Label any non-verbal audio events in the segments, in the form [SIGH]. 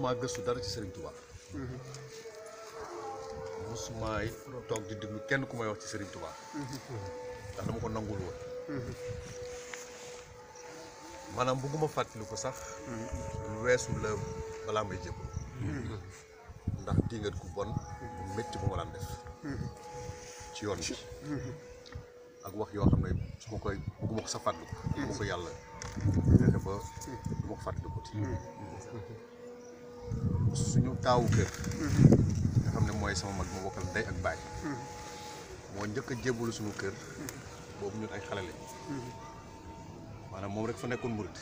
maa gësul dara ci Serigne Touba. musuma it toog di déglu kenn ku may wax ci Serigne Touba. ndax dama ko nangul woon. maanaam bëgguma fàttali ko sax. lu weesu la balaa may jëm. ndax dingat ku bon bu métti bu ma daan ci yoon bi. ak wax yoo xam ne su ma koy bëgguma ko sa fàttaliku. ma yàlla fexe ba du suñu taawu kër nga xam ne mooy sama mag ma bokkal ndey ak baay moo njëkk a jébbalu suñu kër boobu ñun ay xale lañ moom rek fa nekkoon murit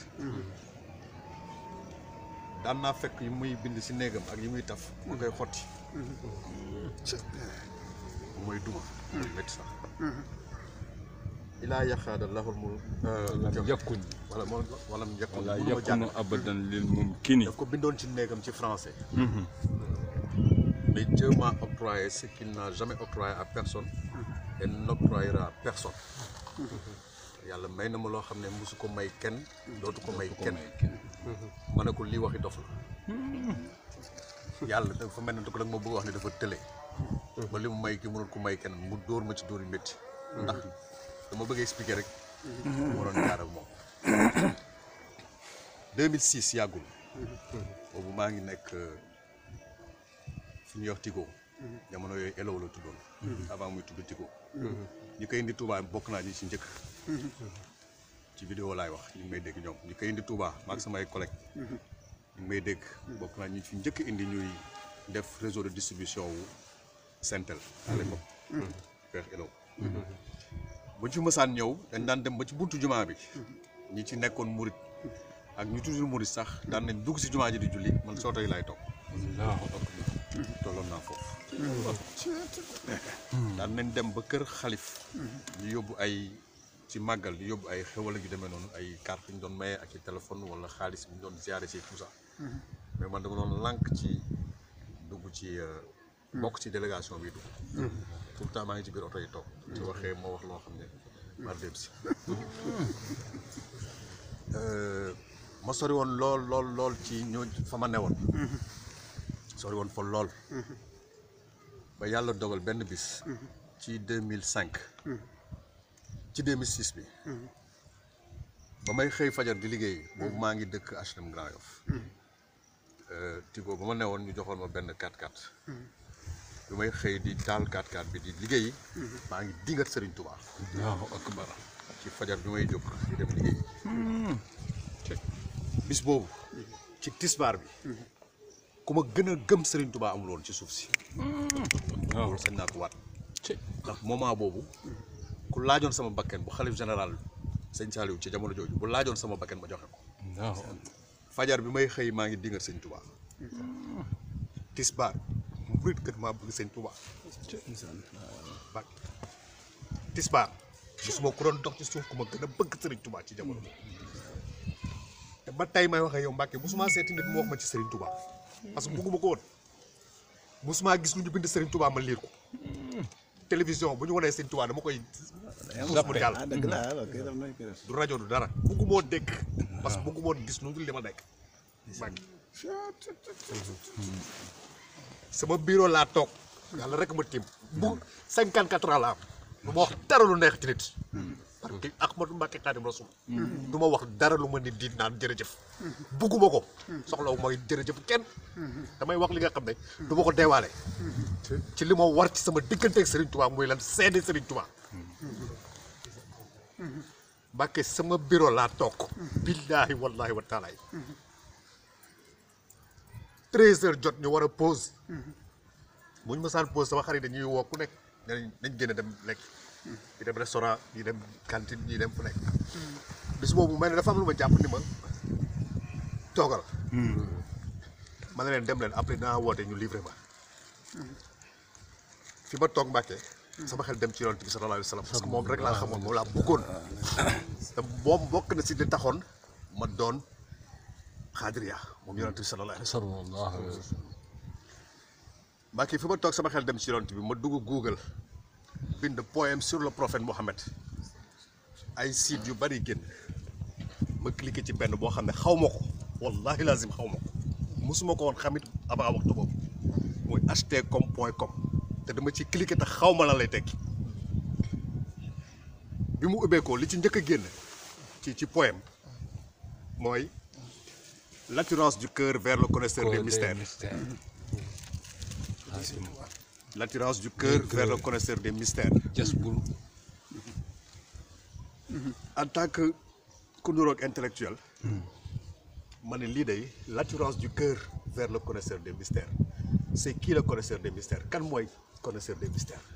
daan naa fekk yi muy bind si néegam ak yi muy taf mu koy xotti mooy duma métti sax ilaa yaxaada lahul mu euh, yàkkun wala moo wala mu yàkkun wala yàkkunu abadan lil mumkini daf ko bindoon ci néegam ci français mhm. mais Dieu m'a octroyé ce n'a jamais octroyé à personne et n'octroyera à personne yàlla may na ma loo xam ne mosu ko may kenn dootu ko may kenn mhm. ma ne ko lii waxi dof la yàlla dafa mel ne da ko ma bëgg wax ne dafa tële ba mhm. li mu may ki mënul ko may kenn mu dóor ma ci dóor yu métti ndax dama bëgg expliquer rek. Mhm. mu waroon jaar moom. 2006 yàggul. boobu maa ngi nekk euh, fu ñuy wax Tigo. Mhm. jamono yooyu Elo la tuddoon. Mhm. avant muy tudd Tigo. ñu ko indi Touba bokk naa ñu ci njëkk. ci vidéo laay wax ñu may dégg ñoom ñi koy indi Touba maag samay collègue ñu may dégg bokk naa ñu ci njëkk indi ñuy def réseau de distribution wu Sentel à l'époque. Elo. buñ fi mësaan ñëw dañ daan dem ba ci buntu jumaa bi ñi ci nekkoon murit ak ñu tuddul murit sax daan nañ dugg si jumaa ji di julli man sooto yi laay toog tolloon naa foofu daan nañ dem ba kër xalif ñu yóbbu ay ci màggal di yóbbu ay xewal gi demee noonu ay carte ñu doon maye ak ci téléphone wala xaalis bi ñu doon ziare si tout ça mais man dama doon lànk ci dugg ci euh, bokk ci délégation bi dugg tout maa ngi ci biir oto yi toog. ci waxee moo wax loo xam ne maa bi si. Euh, ma sori woon lool lool lool ci ñoo fa ma newoon. sori woon fa lool. ba yàlla dogal benn bis. ci deux mille cinq. ci deux mille six bi. ba may xëy fajar di liggéey. boobu maa ngi dëkk HLM Grand Yoff. Euh, Tigo ba ma newoon ñu joxoon ma benn 4 x bi may xëy di taal 4 x bi di liggéey mhm. maa ngi dingat Serigne Touba ci fajar bi may jóg mhm. bis boobu mhm. ci tisbaar bi ku ma gën a gëm sëriñ tubaa amul woon ci suuf si waaw sañ naa ko waat ndax moment boobu ku laajoon sama bakken bu xalif général sëñ Saliou ci jamono jooju bu laajoon sama bakken ma joxe ko fajar bi may xëy maa ngi dingat Serigne Touba murit kat maa bëgg sëñ Touba. bak tisbaar gisuma ku doon dox ci suuf ku ma gën a bëgg sëriñ Touba ci jamono te ba tey may waxee yow Mbacke mosuma seeti nit mu wax ma ci sëriñ tubaa parce que bëgguma ko woon mosuma gis lu ñu bind sëriñ Touba ma liir ko télévision bu ñu wanee sëriñ Touba dama koy mu jàll ah, ah, du rajo du dara bëgguma woon dégg parce que bëgguma woon gis lu dul li ma nekk Mbacke sama bureau laa toog yàlla rek ma tiim bu 54 ans la am lu ma wax dara lu neex ci nit parce que Ahmadou Mbacké Khadim ma wax dara lu ma nit di naan jërëjëf bugguma ko soxlawu mooy jërëjëf kenn damay wax li nga xam ne du ma ko deewaale ci li ma war ci sama diggante ak Serigne Touba muy lan seede Serigne Touba Mbacké sama bureau laa toog billaahi wallaahi wa taala treize heures jot ñu war a pause mhm. bu ñu mësaan pause sama xarit dañuy woo ku nekk nañ nañ a dem lekk ñu mhm. dem restaurant ñu dem cantine ñu dem fu nekk mhm. bis boobu mel ne dafa am lu ma jàpp ni ma toogal ma ne leen dem leen après dinaa woote ñu livré ma fi ma toog Mbàkke sama xel dem ci yonent bi sallallahu alayhi wa sallam parce moom rek laa xamoon moom laa bëggoon te moom bokk na si li taxoon ma doon xaadiriya moom yonent bi sallallahu alayhi fi ma toog sama xel dem ci yonent bi ma dugg Google bind poème sur le prophète Mohammed ay sites yu bari génn ma cliqué ci benn boo xam ne xaw ma ko wallahi lazim xaw ma ko mosuma ko woon xamit avant waxtu boobu muy htcom point com te dama ci cliqué te xaw ma lan lay tekki bi mu ubbeekoo li ci njëkk a génn ci ci poème mooy l'attirance du cœur vers le connaisseur des mystères. L'attirance du cœur En tant que kunduroog intellectuel. ma ne lii day l'attirance du cœur vers le connaisseur des mystères c'est qui le connaisseur des mystères kan mooy connaisseur des mystères.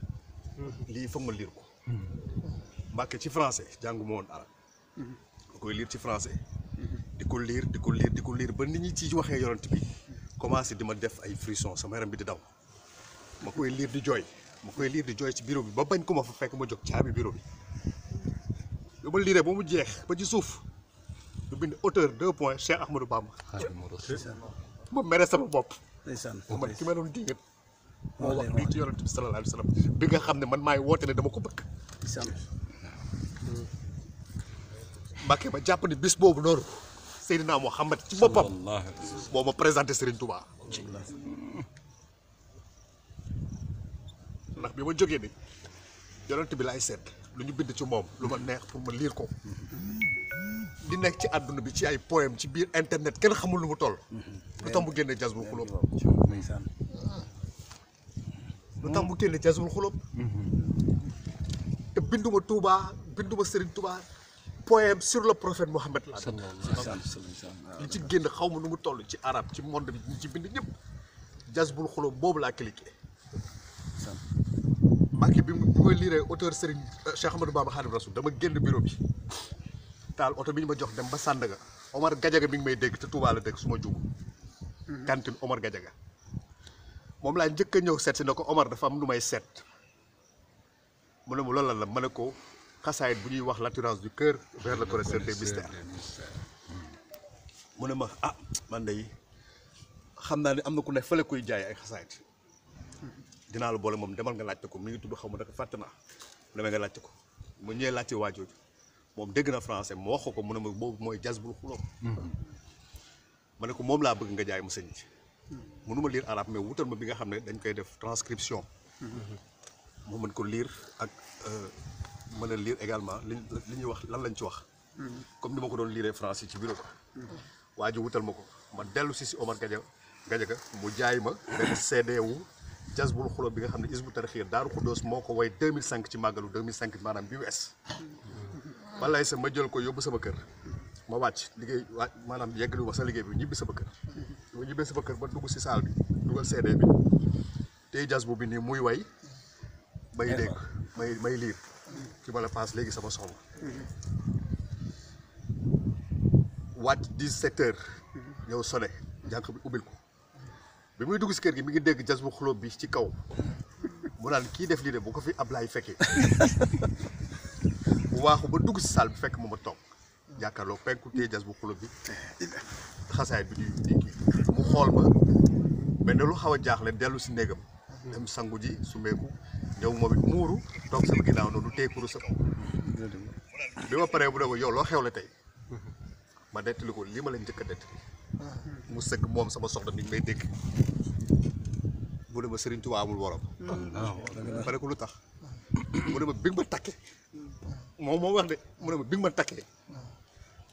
lii fa ma lire ko. Mbàkke ci français jàngu arab. ma koy lire ci français. di ko liir di ko liir di ko liir ba nit ñi ci waxee yonent bi commencé di ma def ay frisson sama yaram bi di daw ma koy liir di jooy ma koy liir di jooy ci bureau bi ba bañ ko ma fa fekk ma jóg caabi bureau bi lu ma liiree ba mu jeex ba ci suuf lu bind auteur deux points Cheikh Ahmadou Bamba ma mere sama bopp man ki ma doon dingat moo wax lii ci yonent bi sallallahu alayhi bi nga xam ne man maay woote ne dama ko bëgg Mbàkke ma jàpp ne bis boobu noonu Seydina Mohamed ci boppam moo a présenté Serigne Touba ndax bi ma jógee bi yonent bi laay seet lu ñu bind ci moom lu ma neex pour ma lire ko di nekk ci àdduna bi ci ay poème ci biir internet kenn xamul lu mu toll lu tax mu génne Jazbul Xulóob lu tax mu génne Jazbul Xulóob mm-hmm. te binduma Touba binduma Serigne Touba poème sur le prophète Mohammed la li ci génn xaw ma nu mu tollu ci arab ci monde bi ñu ci bind ñëpp jazbul xulóom boobu laa cliqué Mbàkke bi mu ma liiree auteur Serigne euh, Cheikh Ahmadou Bamba dama génn bureau taal oto bi ñu ma jox dem ba Sandaga Omar Gadiaga bi ngi may dégg te Touba la dégg su ma jug mm-hmm. cantine Omar Gadiaga moom laa njëkk a ñëw seet si ne ko Omar dafa am lu may seet mu ne mu loolu la ma ne ko xasaayit bu ñuy wax l'attirance du cœur vers le connaisseur des mystères mu ne ma ah man de xam naa ni am na ku ne fële jaay ay xasaayit dinaa la boole moom demal nga laajte ko mi ngi tudd xaw ma naka fàtte naa demee nga laajte ko mu ñëwee laajte waajooju moom dégg na français wax ko mu ne ma boobu mooy jaz bul xulóom ma ne ko moom laa bëgg nga jaay ma sëñ ci mënuma lire arabe mais wutal ma bi nga xam ne dañ koy def transcription. Mm-hmm. mu mën ko liir ak euh, mën a lire également li li ñuy wax lan lañ ci wax. comme ni ma ko doon lire français ci bureau ba. waa ji wutal ma ko ma dellu si si Omar Gadiaga ga mu jaay ma benn CD wu Jazbul Xulóob bi nga xam ne Hizbut Tarqiyyah Daaru Xuddoos moo ko way 2005 ci màggalu 2005 maanaam bi wees. wallaay sa ma jël ko yóbbu sama kër. ma wàcc liggéey waa maanaam yeggali ma sa liggéey bi ñibbi sama kër. ma ñibbi sama kër ba dugg si saal bi dugal CD bi bi nii muy way. may dégg may may liir. ki ma la paas léegi sama soxla mhm. wàcc dix-sept mhm. ñëw sone jànq bi ubbil ko bi muy dugg si kër gi mi ngi dégg jas bu xulóom bi ci kaw mu naan kii def lii de bu ko fi Ablaay fekkee [LAUGHS] mu waaxu ba dugg si saal bi fekk moom a toog jàkkaarloo penku téye jas bu xulóom bi xasaay bi di di mu xool ma mais ne lu xaw a jaaxle dellu si néegam mhm. dem sangu ji su meeku yow moom it muuru toog sama ginnaaw noonu téye kurusam bi ma paree bu dee yow loo la tey ma dettali ko lii ma la njëkk a dettali mu sëgg moom sama soxla mi may dégg mu ne ma Sëriñ Tuubaa amul worom ma ne ko lu tax mu ma bi ma takkee moom wax de mu ne ma ma takkee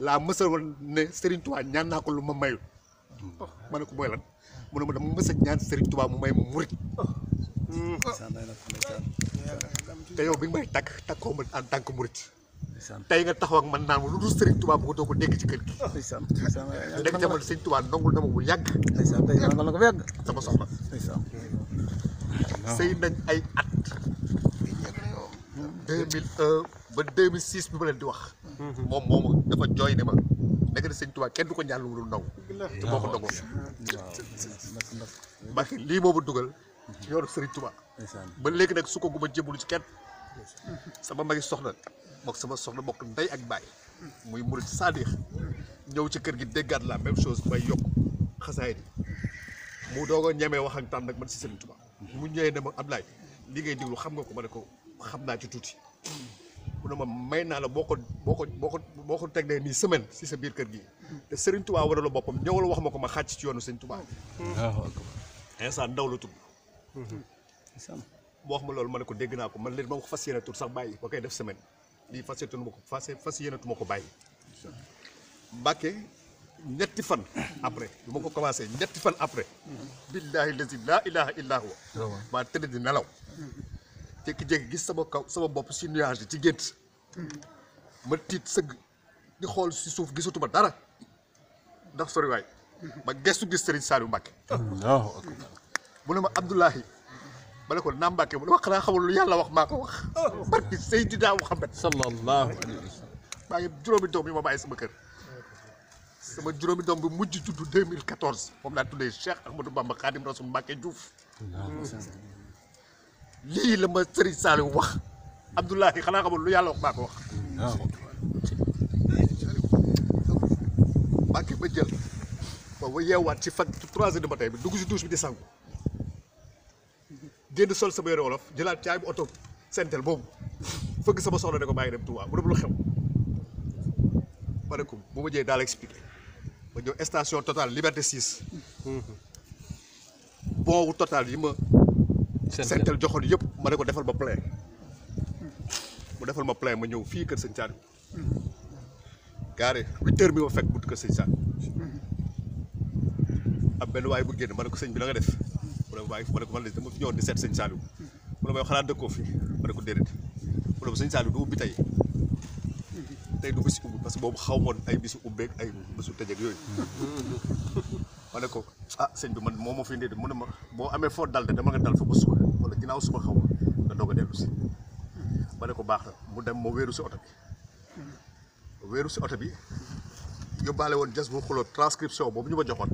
laa mësa woon ne Sëriñ Tuubaa ko lu ma mayul ma ne ko mooy lan mu ne ma dama mësa ñaan Sëriñ Tuubaa mu may ma murit te yow bi nga may takk takkoo ma en tant que murit tey nga taxaw ak man naan ma lu dul Serigne Touba bu doo ko dégg ci kër gi. dégg nga man Serigne Touba nangul na ma bu yàgg. sama soxna. sëy nañ ay at. 2001 ba 2006 bi ma leen di wax. moom moomu dafa jooy ne ma. nekk na sëñ Tuubaa kenn du ko ñaan lu mu dul naw te boo ko dogoo. waaw lii moomu dugal. yoonu Serigne Touba. ba léegi nag su ko guma jébbalu ci kenn. sama magi soxna mook sama soxla bokk ndey ak baay. muy murid saadix ñëw ci kër gi déggaat la même chose may yokk xasaay di mu doog a ñemee wax ak tànn nag man si Serigne Touba. mu ñëwee ne ma Ablaye li ngay diglu xam nga ko ma ne ko xam naa ci tuuti. mu ne ma may naa la boo ko boo ko boo ko boo ko teg nii semaine si sa biir kër gi te Serigne Touba la boppam ñëwal wax ma ko ma xàcc ci yoonu Serigne Touba. waaw waaw. boo wax ma loolu ma ne ko dégg naa ko man leen ma ko fas yéene tur sax bàyyi ba koy def semaine lii fas yéene ma ko fas fas yéene ma ko bàyyi. Mbàkke ñetti fan après bi ma ko commencé ñetti fan après. billaahi lazi laa ilaaha illaa huwa. maa tëdd di nelaw. jékki-jékki gis sama kaw sama bopp si nuage ci gént. ma tiit sëgg di xool si suuf gisatuma dara ndax soriwaay. Hmm. ma gestu gis Serigne Saliou Mbàkke. mu ne ma Abdoulahi ma ne ko naa Mbàkke mu ne ma xanaa xamul lu yàlla wax maa ko wax barki Seydina Muhammad sallallahu alayhi wa sallam maa ngi juróomi doom yi ma sama kër sama juróomi doom bi mujj juddu 2014 moom laa tuddee Cheikh Ahmadou Bamba Khadim Rasoul Mbacke Diouf lii la ma Serigne Saliou wax Abdoulahi xanaa xamul lu yàlla wax maa ko wax Mbacke ba jël ba yeewaat ci fan trois heures du matin bi dugg si douche bi di sangu jënd sol sama yore wolof jëlaat caabi oto senteel boobu fëgg sama soxla ne ko bàyyi dem Touba bu dem lu xew ma ko bu ma jëyee daal expliqué ma ñëw station Total Liberté 6 bon wu Total yi ma sentel joxoon yëpp ma ne ko defal ma plein mu defal ma plein ma ñëw fii kër sëñ Saar gaare huit heures bi ma fekk buntu kër sëñ Saar am benn waay bu génn ma ne ko sëñ bi la nga def mu ne waaye ma ne ko man dama fi ñëwoon di seet sëñ ko déedéet mu ne ma sëñ Saliou du tey tey du bisi parce que boobu xaw moon ay bisu ubbeeg ay bisu tëjeeg yooyu ma ne ko ah sëñ bi man moom moo fi indi mu ne ma boo amee foo dal dama nga dal fa ba wala ginnaaw suba xaw ma nga doog si ma ko baax na mu dem ma wéeru si oto bi wéeru si oto bi yóbbaale woon jas bu xuloo transcription boobu ñu ma joxoon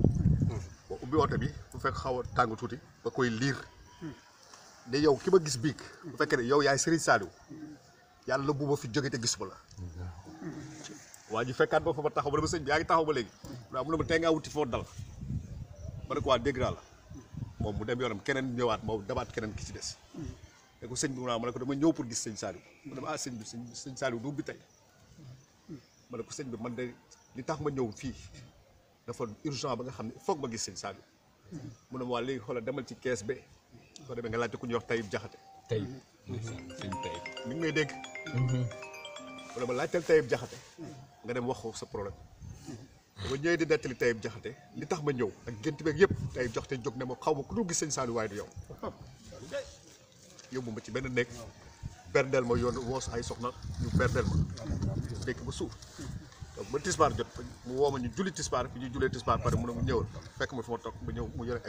ba ubbi oto bi fu fekk xaw a tàng tuuti ba koy liir ne yow ki ma gis biig bu fekkee ne yow yaay Serigne Saliou yàlla bu ma fi jóge te gis ma la waa ji fekkaat ba fa ma taxaw ma ne ma sëñ bi yaa ngi taxaw ba léegi waaw mu ne ma tey ngaa wuti foo dal ma ne ko waa dégg naa la moom mu dem yoonam keneen ñëwaat moom dabaat keneen ki ci des ne ko sëñ bi mu ah, ma ne ko dama ñëw pour gis sëñ Saliou mu ne ma ah sëñ bi sëñ Saliou du bi tey ma ne ko sëñ bi man de li tax ma ñëw fii dafa urgent ba nga xam ne foog ma gis sëñ Saliou mu ne ma waa léegi a demal ci kees be soo demee nga laajte ku ñuy wax Tayib Jaxate Tayib sëñ Tayib ngi may dégg mu ne ma laajteel Tayib Jaxate nga dem wax ko sa problème dama ñëwee di nettali Tayib Jaxate li tax ma ñëw ak gént beeg yëpp Tayib Jaxate jóg ne ma xaw ma ku dul gis sëñ Saliou waaye du yow yóbbu ma ci benn nekk berdeel ma yoon woos ay soxna ñu berdeel ma fekk ba suuf ba tisbaar jot mu woo ma ñu julli tisbaar bi ñu jullee tisbaar pare mu ne mu ñëwal fekk ma fi ma toog ba ñëw mu yore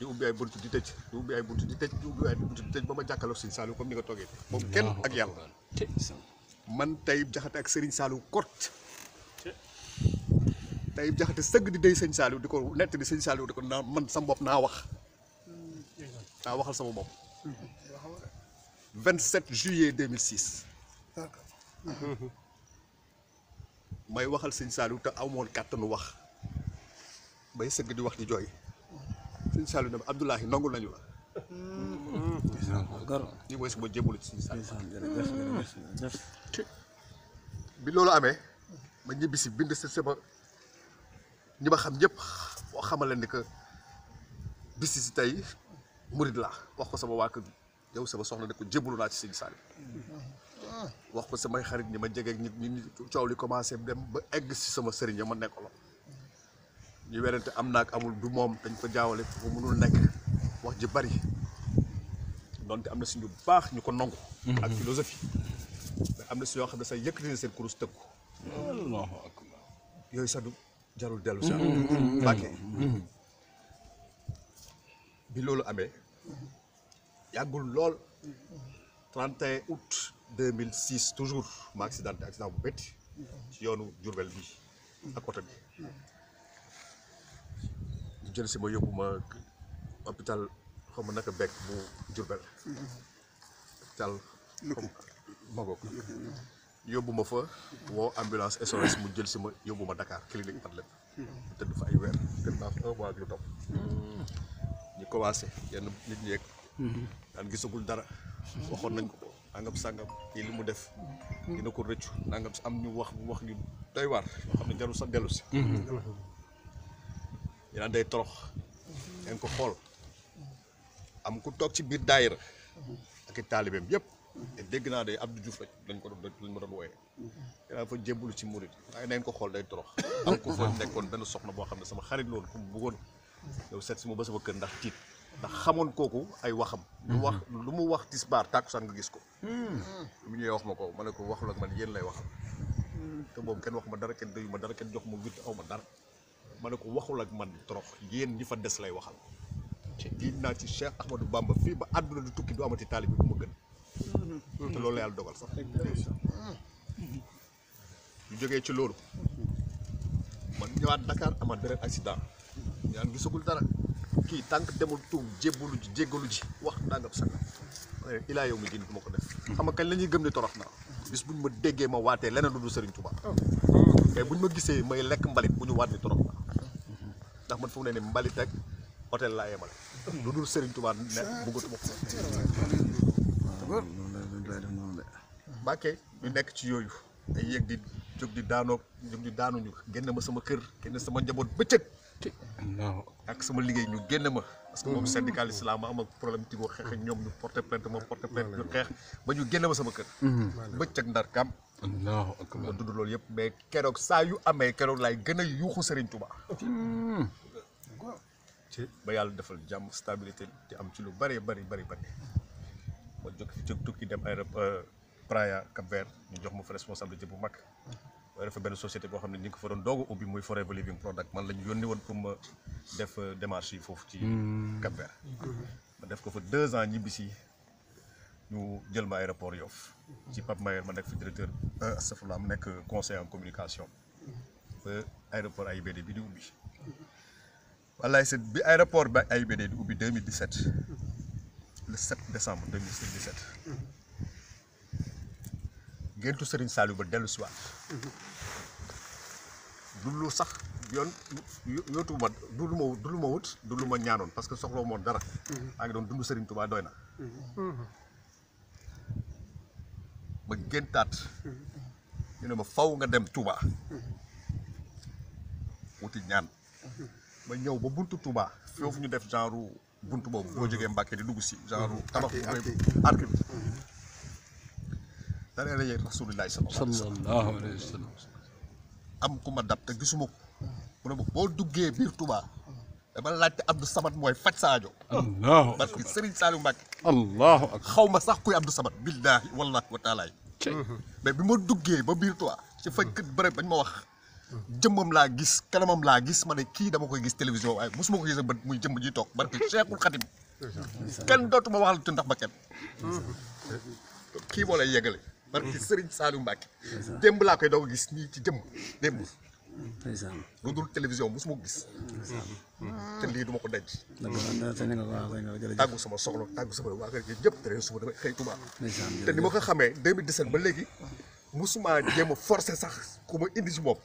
di ubbi ay buntu di tëj di ubbi ay buntu di tëj di ubbi man Taïb Diakhaté ak Serigne Saliou kort Taïb Diakhaté sëgg di dey Serigne Saliou di ko nett di Serigne Saliou di ko naa man sama bopp naa wax naa waxal sama bopp 27 juillet 2006 may waxal sëñ Saliou te amoon kàttanu wax may sëgg di wax di jooy sëñ Saliou ne ma Abdoulahi nangul nañu la. lii mooy sama jébalu ci sëñ Saliou. bi loolu amee ma ñibbi si bind si sama ñi xam ñëpp boo xamal leen ni que bis si tey murid la wax ko sama waa kër yow soxna ne ko jébalu naa ci sëñ Saliou. wax ko samay xarit ñi ma jege nit ñi coow li commencé dem ba egg si sama sëriñ ya ma nekkaloon ñu werante am naak amul du moom dañ ko jaawale ko mënul nekk wax ji bari donte am na si ñu baax ñu ko nangu. Mhm. ak philosophie. mais am na si yoo xam ne sax yëkkati na seen kurus tëgg yooyu sax du jarul dellu si mhm. Mhm. Mbàkke bi loolu amee yàggul lool. 31 août. 2006 toujours ma accidenté accident bu métti ci yoonu Diourbel bi ak oto bi ñu jël si ma yóbbu ma hôpital xaw ma naka bekk bu Diourbel hôpital Magog yóbbu ma fa woo ambulance SOS mu jël si ma yóbbu ma Dakar clinique Patlet mu tëdd fa ay weer tëdd naa fa un lu topp ñu commencé yenn nit ñeeg daan mhm. gisagul dara waxoon nañ ko nangam sàngam kii li mu def dina ko rëccu nangam am ñu wax wax ñu doy waar yoo xam ne jarul sa dellu si ñu mhm. naan torox dañ ko xool am ku toog ci biir daayira ak i taalibeem yëpp te dégg naa de Abdou Diouf dañ ko lañ ma doon wooyee dinaa fa jébbalu ci murit waaye nañ ko xool day torox am ku fa nekkoon benn soxna boo xam ne sama xarit loolu ku mu bëggoon yow seet si mu ba sama kër ndax tiit ndax xamoon kooku ay waxam lu mu wax tisbaar tàkkusaan nga gis ko Hmm. mu ñëwee wax ma ko ma ne ko waxul ak man yéen lay waxal te boobu kenn wax ma dara kenn ma dara jox ma witt aw ma dara ma ko waxul ak man trop yéen ñi fa des lay waxal giñ naa ci Cheikh Ahmadou Bamba fii ba àdduna du tukki du amati taalib bi bu ma gën hmm. te loolu la yàlla dogal sax ñu jógee ci loolu man ñëwaat Dakar ama beneen accident ñaan gisagul dara kii tànk demul tuub jébbalu ji jéggalu ji wax ndangam sanga ilaa yow mi gën du ma ko def xam nga kañ la ñuy gëm ni torox na bis buñ ma déggee ma waatee leneen lu dul Serigne Touba oh. mais buñ ma gisee may lekk mbalit bu ñu waat ni torox na ndax man fu mu ne ni mbalit oh. lu dul Serigne Touba ne bëggatuma ko ñu nekk ci yooyu ay yéeg di jóg di daanoo jóg di daanuñu génn ma sama kër kenn sama njaboot bëccëg ak sama liggéey ñu génn ma parce que moom mm-hmm. syndicaliste la ma am ak problème tigo xeex ak ñoom ñu porté plainte moom porté plainte ñu xeex ba ñu génne ma sama kër mm-hmm. bëccëg ndar kam ma loolu yëpp mais keroog saa yu amee keroog laay gën a yuuxu Serigne Touba mm-hmm. ba yàlla defal jàmm stabilité te am ci lu bari bari bari bari ma tukki dem aéroport euh, Praia ñu jox ma fa responsabilité bu mag ma dafa benn société boo xam ne ñu ngi ko fa doon doog a ubbi muy Forever Living Product man la ñu yónni woon pour ma def euh, démarche yi foofu ci hmm. Cap ma def ko fa deux ans ñibbisi ñu jël ma aéroport yof ci Pape Mayer ma nekk fi directeur euh, safla am nekk conseil en communication ba aéroport AIBD bi di ubbi wallaay set bi aéroport ba AIBD di ubbi 2017 le 7 décembre 2017 géntu Serigne Saliou ba dellu si du lu sax yoon yootu ma du lu ma du lu ma wut du lu ma ñaanoon parce que soxla moon dara mhm. maa ngi doon dund Serigne Touba doy na mhm. Mhm. ma géntaat ñu ne ma faw nga dem Touba wuti ñaan ma ñëw ba buntu Touba foofu ñu def genre buntu boobu boo jógee Mbàkke di dugg si genre tabax arc bi daree rasulillahi sallallahu alayhi wa sallam am ku ma dab te gisuma ko mu ne ma boo duggee biir Touba dama laajte Abdou Samad mooy faj saajo. allahu akbar parce que Serigne Saliou Mbacke. allahu akbar xaw ma sax kuy Abdou Samad. billahi wallahi wa taalaay. mais bi ma duggee ba biir Touba. ci fajkat bëre bañ ma wax. jëmmam laa gis kanamam laa gis ma ne kii dama koy gis télévision waaye mosuma ko gis ak bët muy jëmm ji toog barki Cheikhul Khadim. kenn dootuma waxal tu ndax ba kenn. kii moo lay yegale. barke mhm. Serigne Saliou Mbacke. démb laa koy doog a gis nii ci jëmm démb. lu dul télévision mosuma ko gis. te lii du ma ko daj. tàggu sama soxla tàggu sama waa kër gi ñëpp tere suba damay xëy Touba. te ni ma ko xamee 2017 ba léegi mosuma jéem a forcer sax ku ma indi si moom.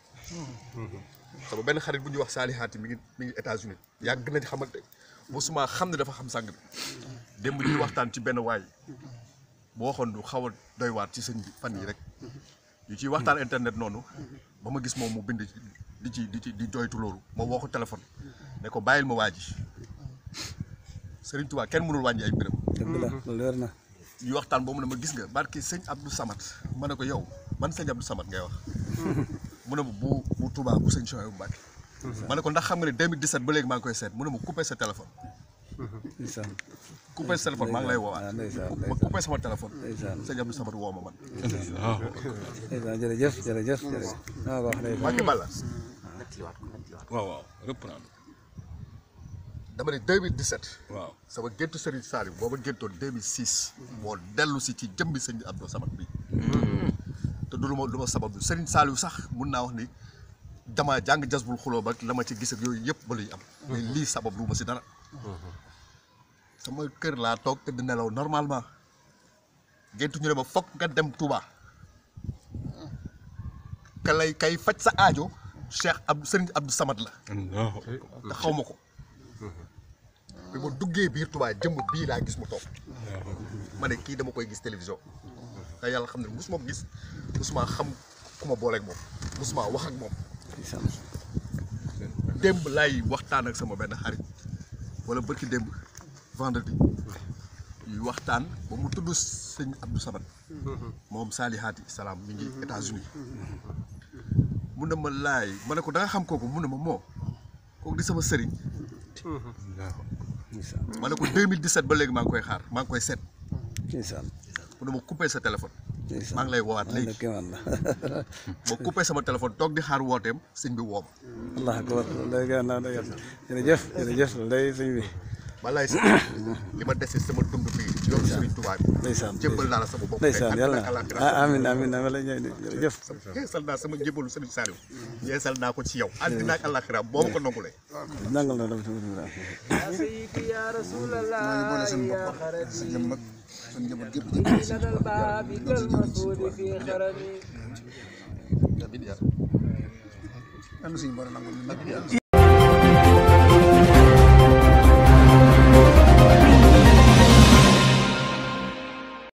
sama benn xarit bu ñuy wax Sali Hatim mi ngi mi ngi États-Unis yàgg nañ xamante mosuma xam ne dafa xam sàng bi démb ñuy waxtaan ci benn waay. boo waxoon du xaw a doy waat ci sëñ bi fan yi rek yu ci waxtaan internet noonu ba ma gis moom mu bind di ci di ci di doytu loolu ma woo ko téléphone ne ko bàyyil ma waa ji sëriñ Tuubaa kenn mënul wàññi ay mbiram mhm. leer na ñu waxtaan boobu ne ma gis nga barki sëñ Abdou samat ma ne ko yow man sëñ Abdou Samad ngay wax mhm. mu ne ma bu bu Tuubaa bu sëñ Souhaïbou Mbacké mhm. ma ne ko ndax xam nga ne 2017 ba léegi maa ngi koy seet mu ne ma coupé sa téléphone coupé sa téléphone maa ngi lay woowaat. ma sama téléphone. sëñ Abdou Samad woo ma man. waaw jërëjëf jërëjëf jërëjëf. Ah, waaw waaw Mbacke Balla. waaw waaw reprendre. dama ne 2017. waaw sama géntu Serigne Saliou booba géntoon 2006. moo dellu si ci jëmbi sëñ Abdou sama bi hmm. te du lu ma lu ma sabab Serigne Saliou sax mun naa wax ni damaa jàng jasbul xuloo ba la ma ci gis ak yooyu yëpp ba luy am. Hmm. mais lii sabab lu ma si dara. Hmm. sama kër laa toog tëdd nelaw normalement géntuñu ne ma fokk nga dem Touba kalay kay faj sa aajo Cheikh Abdou Serigne Abdou Samad la te xaw ma ko bi ma duggee biir Touba jëm bii laa gis mu toog ma ne kii dama koy gis télévision te yàlla xam ne mus ko gis mosuma xam ku ma booleeg moom mosuma wax ak moom démb laay waxtaan ak sama benn xarit wala bërki démb vendredi ñuy waxtaan ba mu tudd sëñ Abdou Samad moom Saalihaati Salaam mi ngi États-Unis mun na ma laay ma ko da xam kooku mun na ma moo kooku di sama sëriñ ma ne ko 2017 ba léegi maa ngi koy xaar maa ngi koy seet mun na ma coupé sa téléphone maa ngi lay woowaat léegi boo coupé sama téléphone toog di xaar wooteem sëñ bi wooma allah akbar jërëjëf jërëjëf loolu day sëñ bi walaay sax [COUGHS] li ma dese sama dund fii. yoon Serigne Touba bi. ndeysaan jébbal naa la sama bopp. ndeysaan yàlla ah, amiin amiin amiin la ñuy jëf. yeesal naa sama jébbalu Serigne Saliou. yeesal naa ko ci yow. àddina ak àllaaxira boo ma ko nangulee. nangal na dama tudd yaa rasulallah suñu njaboot gépp jëpp